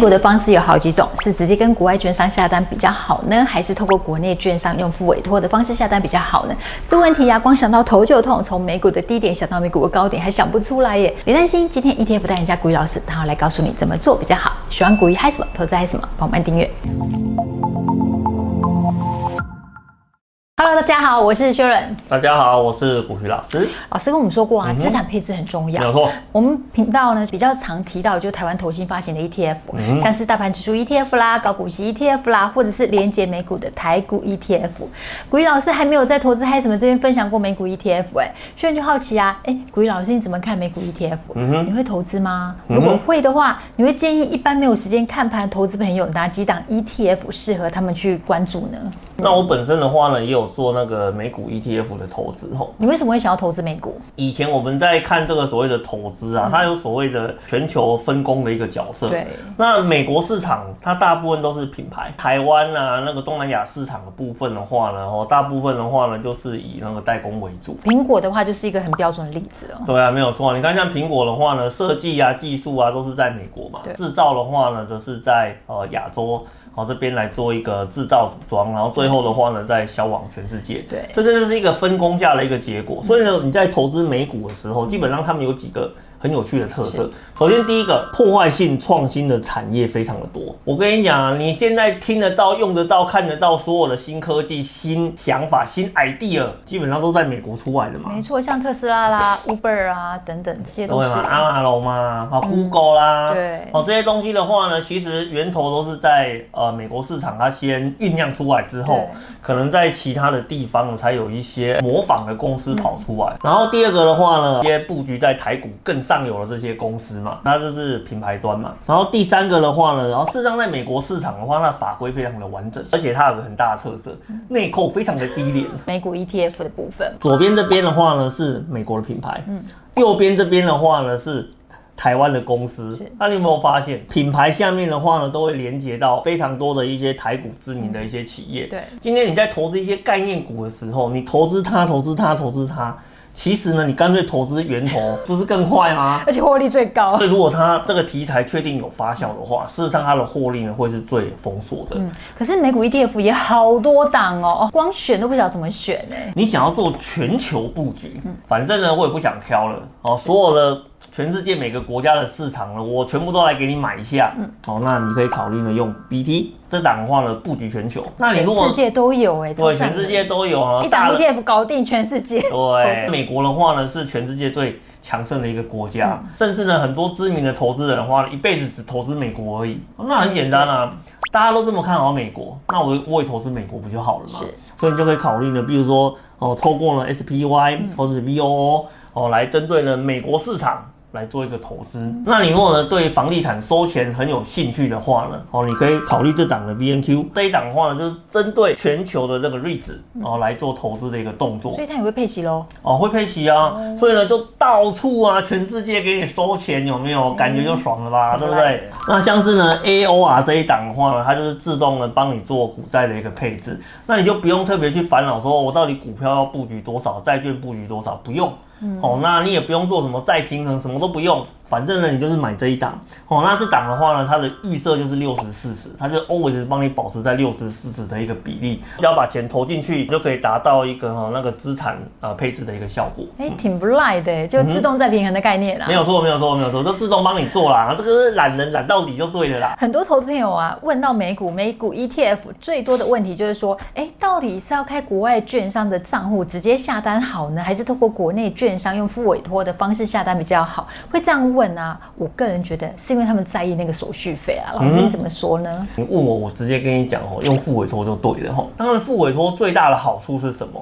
股的方式有好幾種，是直接跟國外券商下單比較好呢，還是透過國內券商用複委託的方式下單比較好呢？這問題呀，啊，光想到頭就痛，從美股的低點想到美股的高點，還想不出來耶。別擔心，今天 ETF 代言人股魚老師，然後來告訴你怎麼做比較好。喜歡股魚，嗨什麼投資嗨什麼，幫忙訂閱。Hello，大家好，我是雪倫。大家好，我是股魚老師。老師跟我們說過啊，資、嗯、哼產配置很重要。沒錯。我們頻道呢比較常提到，就是台灣投信發行的 ETF，、嗯、哼像是大盤指數 ETF 啦、高股息 ETF 啦，或者是連結美股的台股 ETF。股魚老師還沒有在投資嗨什麼這邊分享過美股 ETF，哎、欸，雪倫就好奇啊，哎、欸，股魚老師你怎麼看美股 ETF？嗯哼你會投資嗎？嗯、哼如果會的話，你會建議一般沒有時間看盤投資朋友哪幾檔 ETF 適合他們去關注呢？那我本身的話呢，也有做那個美股 ETF 的投資吼。你為什麼會想要投資美股？以前我們在看這個所謂的投資啊，嗯，它有所謂的全球分工的一個角色。對。那美國市場它大部分都是品牌，台灣啊那個東南亞市場的部分的話呢，大部分的話呢就是以那個代工為主。蘋果的話就是一個很標準的例子了。對啊，沒有錯。你看像蘋果的話呢，設計啊、技術啊都是在美國嘛，製對造的話呢，則是在呃亞洲。然後這邊來做一個製造組裝，然後最後的話呢再銷往全世界。對，所以這這就是一個分工下的一個結果。所以呢，你在投資美股的時候，基本上他們有幾個，很有趣的特色。是首先，第一個破壞性創新的產業非常的多。我跟你講啊，你現在聽得到、用得到、看得到，所有的新科技、新想法、新 idea，、嗯、基本上都在美國出來的嘛。沒錯，像特斯拉啦、 Uber 啊等等這些東西。對嘛，啊 Amazon 嘛，啊，Google 啦，對，哦，這些東西的話呢，其實源頭都是在呃美國市場，它先醞釀出來之後，對可能在其他的地方呢才有一些模仿的公司跑出來。嗯、然後第二個的話呢，這些布局在台股更。上有了這些公司嘛，那就是品牌端嘛。然後第三個的話呢，然後事實上在美國市場的話，那法規非常的完整，而且它有個很大的特色，嗯、內扣非常的低廉。美股 ETF 的部分，左邊這邊的話呢是美國的品牌，嗯，右邊這邊的話呢是台灣的公司。是那你有沒有發現，嗯、品牌下面的話呢都會連接到非常多的一些台股知名的一些企業？嗯、對，今天你在投資一些概念股的時候，你投資它，投資它，投資它。其實呢，你乾脆投資源頭不是更快嗎？而且獲利最高。所以如果它這個題材確定有發酵的話，事實上它的獲利呢會是最豐碩的、嗯。可是美股 ETF 也好多檔哦，光選都不曉得怎麼選哎、欸。你想要做全球佈局，反正呢我也不想挑了哦，所有的。嗯全世界每個國家的市場我全部都來給你買一下。嗯、哦，那你可以考慮呢，用 B T 這檔的話呢，布局全球。那你如果全世界都有、欸、對，全世界都有啊，一檔 ETF、TF、搞定全世界。對，資美國的話呢，是全世界最強盛的一個國家，嗯、甚至呢，很多知名的投資人的話，一輩子只投資美國而已、哦。那很簡單啊，是大家都這麼看好美國，那我我也投資美國不就好了嗎？是，所以你就可以考慮呢，比如說哦，透過了 S P Y 或者是 V O O。哦，來針對呢美國市場來做一個投資。嗯、那你如果呢，對房地產收錢很有興趣的話呢，哦，你可以考慮這檔的 V N Q。這一檔的話呢，就是針對全球的這個 reits 哦，來做投資的一個動作。嗯、所以它也會配息嘍。哦，會配息啊。嗯、所以呢，就到處啊，全世界給你收錢，有沒有？嗯、感覺就爽了吧，嗯、對不對？嗯、那像是呢 A O R 這一檔的話呢，它就是自動的幫你做股債的一個配置。那你就不用特別去煩惱，說我到底股票要布局多少，債券布局多少，不用。哦，那你也不用做什麼再平衡，什麼都不用，反正呢，你就是買這一檔。哦，那這檔的話呢，它的預設就是六十四十，40，它就 always 幫你保持在六十四十的一個比例，只要把錢投進去，就可以達到一個、哦、那個資產呃配置的一個效果。哎、嗯欸，挺不賴的，就自動再平衡的概念啦、嗯嗯。沒有錯，沒有錯，沒有錯，就自動幫你做啦。這個是懶人懶到底就對了啦。很多投資朋友啊，問到美股美股 ETF 最多的問題就是說，哎、欸，到底是要開國外券商的賬戶直接下單好呢，還是透過國內券，券商用複委託的方式下單比較好，會這樣問啊？我個人覺得是因為他們在意那個手續費啊。老師你怎麼說呢？嗯、你問我，我直接跟你講哦，用複委託就對了齁，當然，複委托最大的好處是什麼？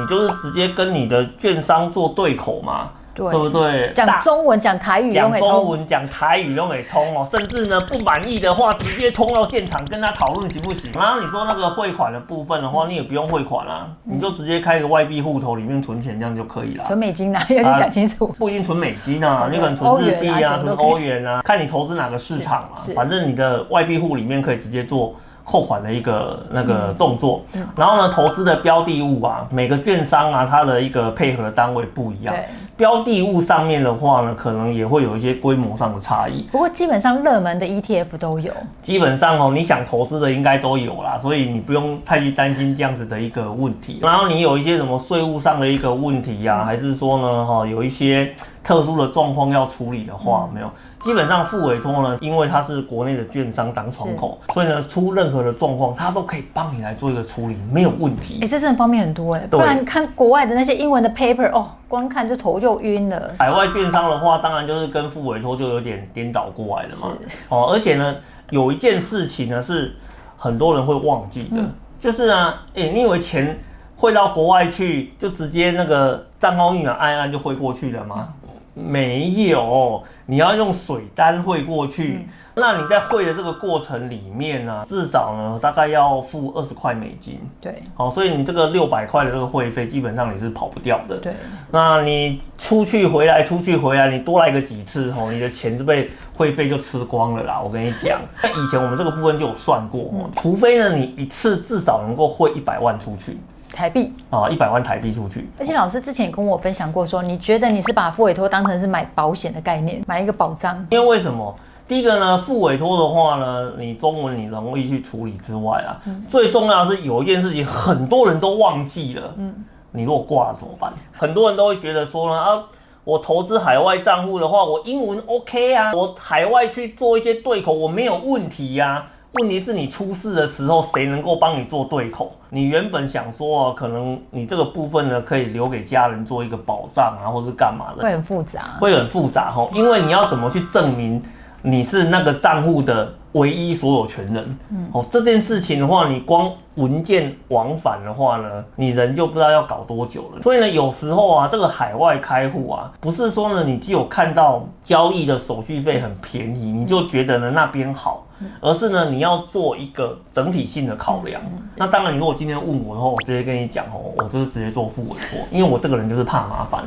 你就是直接跟你的券商做對口嘛。對不對？講中文講台語講中文講台語都沒通哦，甚至呢不滿意的話，直接衝到現場跟他討論行不行？然後你說那個匯款的部分的話，你也不用匯款啊，你就直接開一個外幣戶頭，裡面存錢這樣就可以了。存美金吶，要先講清楚，不一定存美金吶，你可能存日幣啊，存歐元啊，看你投資哪個市場啊。反正你的外幣戶裡面可以直接做扣款的一個那個動作。然後呢，投資的標的物啊，每個券商啊，它的一個配合的單位不一樣。標的物上面的話呢，可能也會有一些規模上的差異。不過基本上熱門的 ETF 都有，基本上哦，你想投資的應該都有啦，所以你不用太去擔心這樣子的一個問題。然後你有一些什麼稅務上的一個問題啊，還是說呢，哈，哦，有一些特殊的狀況要處理的話，嗯，沒有。基本上複委託呢，因為它是國內的券商當窗口，是所以呢，出任何的狀況，它都可以幫你來做一個處理，沒有問題。哎、欸，這真的方便很多哎、欸，對不然看國外的那些英文的 paper，哦，光看就頭就暈了。海外券商的話，當然就是跟複委託就有點顛倒過來了嘛。是哦，而且呢，有一件事情呢是很多人會忘記的，嗯、就是呢，哎、欸，你以為錢匯到國外去，就直接那個賬號密碼按按就匯過去了嗎？嗯沒有，你要用水單匯過去。嗯、那你在匯的這個過程裡面呢、啊，至少呢大概要付二十塊美金。對，好、哦，所以你這個六百塊的這個匯費，基本上你是跑不掉的。對，那你出去回來，出去回來，你多來個幾次哦，你的錢就被匯費就吃光了啦。我跟你講， 以前我們這個部分就有算過，嗯、除非呢你一次至少能夠匯一百萬出去。台幣啊，一百萬台幣出去。而且老師之前也跟我分享過說，說你覺得你是把複委託當成是買保險的概念，買一個保障。因為為什麼？第一個呢，複委託的話呢，你中文你容易去處理之外啊，嗯、最重要的是有一件事情很多人都忘記了。嗯。你如果掛了怎麼辦？很多人都會覺得說呢啊，我投資海外賬戶的話，我英文 OK 啊，我海外去做一些對口，我沒有問題呀、啊。問題是，你出事的時候，誰能夠幫你做對口？你原本想說、啊，可能你這個部分呢，可以留給家人做一個保障，啊，或是幹嘛的？會很複雜，會很複雜哈，因為你要怎麼去證明你是那個賬戶的唯一所有權人？嗯，哦，這件事情的話，你光文件往返的話呢，你人就不知道要搞多久了。所以呢，有時候啊，這個海外開戶啊，不是說呢，你既有看到交易的手續費很便宜，你就覺得呢那邊好。而是呢，你要做一個整體性的考量。嗯、那當然，你如果今天問我的話，我直接跟你講哦，我就是直接做複委託，因為我這個人就是怕麻煩。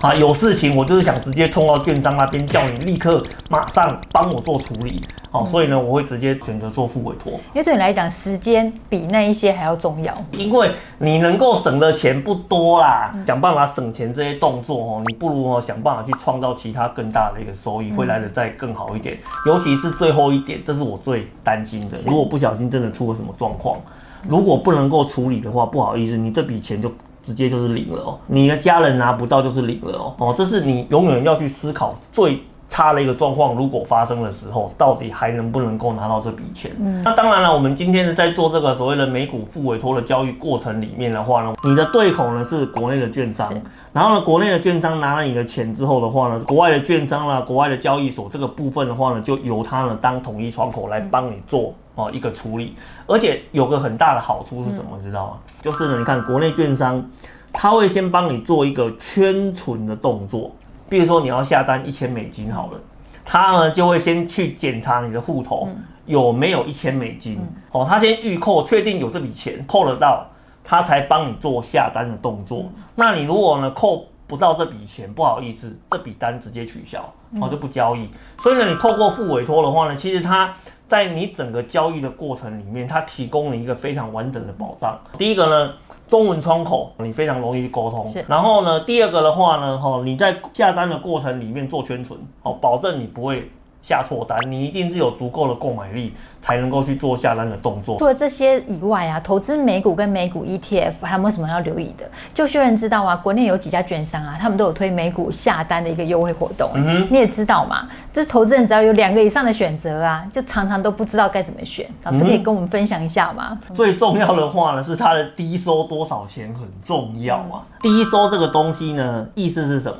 啊，有事情我就是想直接衝到券商那邊，叫你立刻馬上幫我做處理。好，所以呢，我會直接選擇做複委託。因為對你來講，時間比那一些還要重要。因為你能夠省的錢不多啦，嗯、想辦法省錢這些動作哦，你不如哦想辦法去創造其他更大的一個收益，會來得再更好一點。尤其是最後一點，這是我。最擔心的，如果不小心真的出了什麼狀況，是如果不能夠處理的話，不好意思，你這筆錢就直接就是領了哦零了，你的家人拿不到就是零了哦，哦，這是你永遠要去思考最差的一個狀況，如果發生的時候，到底還能不能夠拿到這筆錢？嗯，那當然了，我們今天呢在做這個所謂的美股複委託的交易過程裡面的話呢，你的對口呢是國內的券商。然後呢，國內的券商拿了你的錢之後的話呢，國外的券商啦、啊，國外的交易所這個部分的話呢，就由他呢當統一窗口來幫你做哦一個處理，嗯、而且有個很大的好處是什麼，嗯、知道嗎？就是呢，你看國內券商他會先幫你做一個圈存的動作，比如說你要下單一千美金好了，他呢就會先去檢查你的戶頭、嗯、有沒有一千美金、嗯、哦，他先預扣，確定有這筆錢扣得到。他才幫你做下單的動作。那，你如果呢扣不到這筆錢，不好意思，這筆單直接取消，然後就不交易，嗯、所以呢，你透過付委托的話呢，其實它在你整個交易的過程裡面，它提供了一個非常完整的保障。第一個呢，中文窗口，你非常容易去溝通。是然後呢，第二個的話呢，哈，你在下單的過程裡面做圈存，哦，保證你不會。下錯單，你一定是有足夠的購買力才能夠去做下單的動作。除了這些以外啊，投資美股跟美股 ETF 還有沒有什麼要留意的？就確人知道啊，國內有幾家券商啊，他們都有推美股下單的一個優惠活動。嗯哼你也知道嘛，就是投資人只要有兩個以上的選擇啊，就常常都不知道該怎麼選。老師可以跟我們分享一下嗎？嗯、最重要的話呢，是它的低收多少錢很重要啊。低、嗯、收這個東西呢，意思是什麼？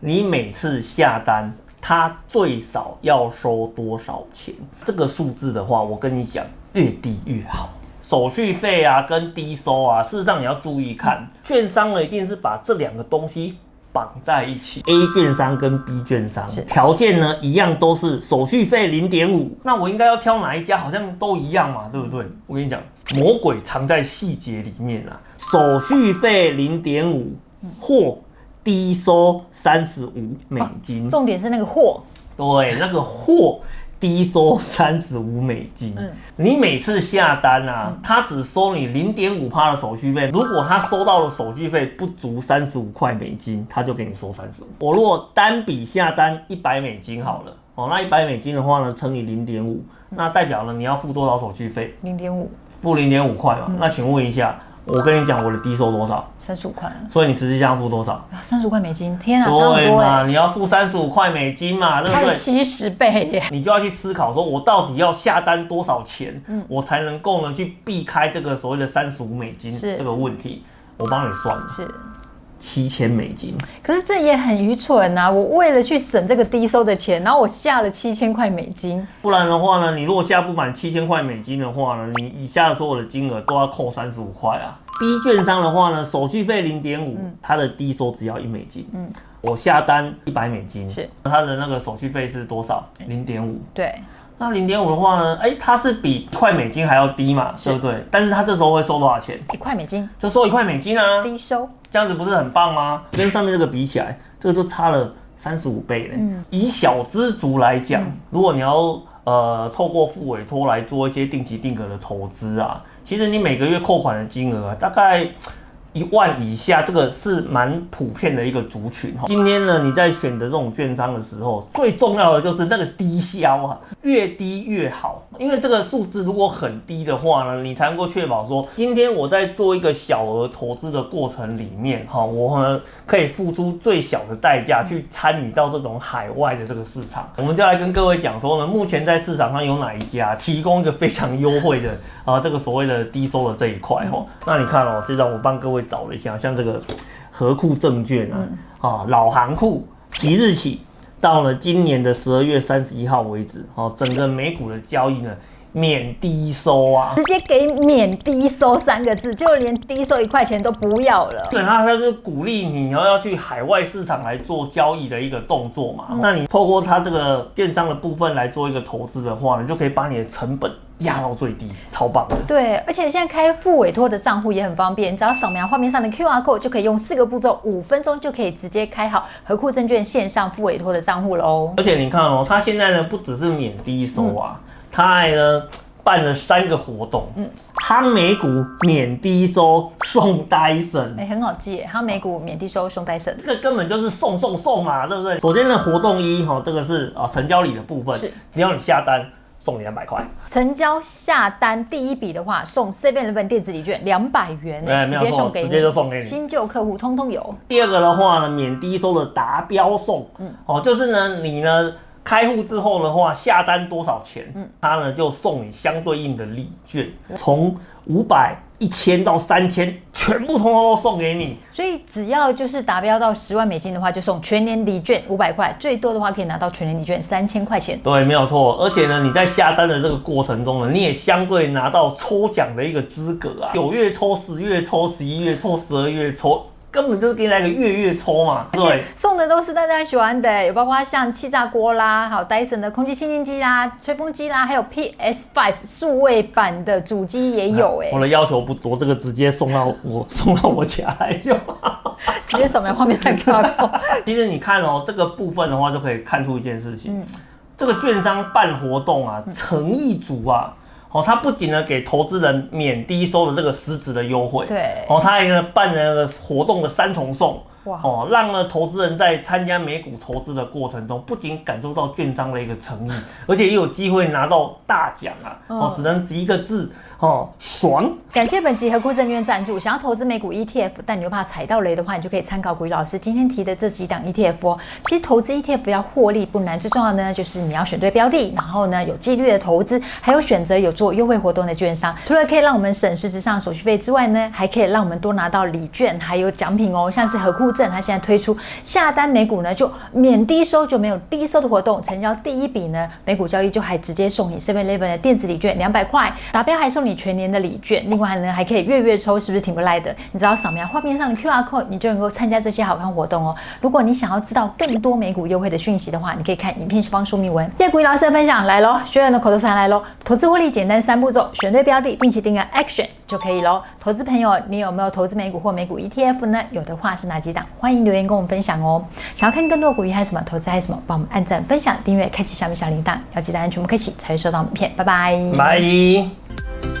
你每次下單。它最少要收多少錢？這個數字的話，我跟你講，越低越好。手續費啊，跟低收啊，事實上你要注意看，券商呢一定是把這兩個東西綁在一起。A 券商跟 B 券商條件呢一樣，都是手續費零點五。那我應該要挑哪一家？好像都一樣嘛，對不對？我跟你講，魔鬼藏在細節裡面啊。手續費零點五，或。低收三十五美金，重點是那個貨，對，那個貨低收三十五美金。你每次下單啊，他只收你零點五趴的手續費。如果他收到的手續費不足三十五塊美金，他就給你收三十五。我如果單筆下單一百美金好了，哦，那一百美金的話呢，乘以零點五，那代表了你要付多少手續費？零點五，付零點五塊嘛。那請問一下。我跟你講，我的低收多少？三十五塊。所以你實際上付多少？啊，三十五塊美金！天啊，對嘛欸、你要付三十五塊美金嘛？那是七十倍耶。你就要去思考，說我到底要下單多少錢，嗯、我才能夠呢去避開這個所謂的三十五美金這個問題？是我幫你算了。是。七千美金，可是這也很愚蠢啊！我為了去省這個低收的錢，然後我下了七千塊美金。不然的話呢，你如果下不滿七千塊美金的話呢，你以下所有的金額都要扣三十五塊啊。B 券商的話呢，手續費零點五，它的低收只要一美金。嗯，我下單一百美金，是它的那個手續費是多少？零點五。對，那零點五的話呢，誒，它是比一塊美金還要低嘛，是，對不對？但是它這時候會收多少錢？一塊美金，就收一塊美金啊，低收。這樣子不是很棒嗎？跟上面這個比起來，這個就差了三十五倍，嗯，以小資族來講，如果你要呃，透過複委託來做一些定期定額的投資啊，其實你每個月扣款的金額，啊，大概一萬以下，這個是蠻普遍的一個族群哈。今天呢，你在選擇這種券商的時候，最重要的就是那個低消啊，越低越好。因為這個數字如果很低的話呢，你才能夠確保說，今天我在做一個小額投資的過程裡面，哈，我呢可以付出最小的代價去參與到這種海外的這個市場。我們就來跟各位講說呢，目前在市場上有哪一家提供一個非常優惠的啊，這個所謂的低收的這一塊哈。那你看哦，現在我幫各位找了一下，像這個合庫證券啊，啊老行庫即日起。到了今年的十二月三十一號為止，哦，整個美股的交易呢免低收啊，直接給免低收三個字，就連低收一塊錢都不要了。對，它它就是鼓勵你以後要去海外市場來做交易的一個動作嘛。嗯、那你透過它這個電商的部分來做一個投資的話，你就可以把你的成本。壓到最低，超棒的。對，而且現在開複委託的賬戶也很方便，你只要掃描畫面上的 QR code，就可以用四個步驟，五分鐘就可以直接開好合庫證券線上複委託的賬戶了哦。而且你看哦、喔，它現在呢不只是免低收啊，它、嗯、還呢辦了三個活動。嗯，它美股免低收送戴森，哎、欸，很好記，哎，它美股免低收送戴森，這個根本就是送送送嘛，對不對？首先呢，活動一哈、喔，這個是啊、喔、成交禮的部分，是只要你下單。送你兩百塊，成交下單第一筆的話，送7-11電子禮券兩百元，欸、直接送給你，直接就送給你，新舊客戶通通有。第二個的話呢，免低收的達標送，嗯，哦，就是呢，你呢開戶之後的話，下單多少錢，嗯，他呢就送你相對應的禮券，從五百，一千到三千，全部通通都送給你。所以只要就是達標到十萬美金的話，就送全聯禮券五百塊，最多的話可以拿到全聯禮券三千塊錢。對，沒有錯。而且呢，你在下單的這個過程中呢，你也相對拿到抽獎的一個資格啊。九月抽，十月抽，十一月抽，十二月抽。嗯根本就是給你來個月月抽嘛，對，送的都是大家喜歡的、欸，有包括像氣炸鍋啦，好 Dyson 的空氣清新機啦，吹風機啦，還有 PS Five 數位版的主機也有、欸啊、我的要求不多，這個直接送到我 送到我家來就。 直接什麼畫面太漂亮？其實你看哦、喔，這個部分的話就可以看出一件事情，嗯、這個券商辦活動啊，誠意、嗯、足啊。哦，他不僅呢給投資人免低收的這個實質的優惠，對，哦，他一個辦那個活動的三重送。哇 哦，讓呢，投資人在參加美股投資的過程中，不僅感受到券商的一個誠意，而且也有機會拿到大獎啊！哦，哦，只能提一個字，哦，是爽！感謝本集合庫證券贊助。想要投資美股 ETF，但你又怕踩到雷的話，你就可以參考股魚老師今天提的這幾檔 ETF 哦。其實投資 ETF 要獲利不難，最重要的呢就是你要選對標的，然後呢有紀律的投資，還有選擇有做優惠活動的券商，除了可以讓我們省十之上手續費之外呢，還可以讓我們多拿到禮券還有獎品哦，像是合庫。正它現在推出下單美股呢，就免低收，就沒有低收的活動。成交第一筆呢，美股交易就還直接送你 Seven Eleven 的電子禮券兩百塊，達標還送你全年的禮券。另外呢，還可以月月抽，是不是挺不賴的？你只要掃描畫面上的 QR code，你就能夠參加這些好看活動哦。如果你想要知道更多美股優惠的訊息的話，你可以看影片下方說明文。謝股魚老師的分享來嘍，學員的口頭禪來嘍，投資獲利簡單三步驟：選對標的，定期定額 Action。就可以咯。投資朋友，你有沒有投資美股或美股 ETF 呢？有的話是哪幾檔？歡迎留言跟我們分享哦、喔。想要看更多股魚還有什麼投資還有什麼，幫我們按讚、分享、訂閱、開啟小米小鈴鐺，要記得按全部開啟才會收到我們的影片。拜拜。拜。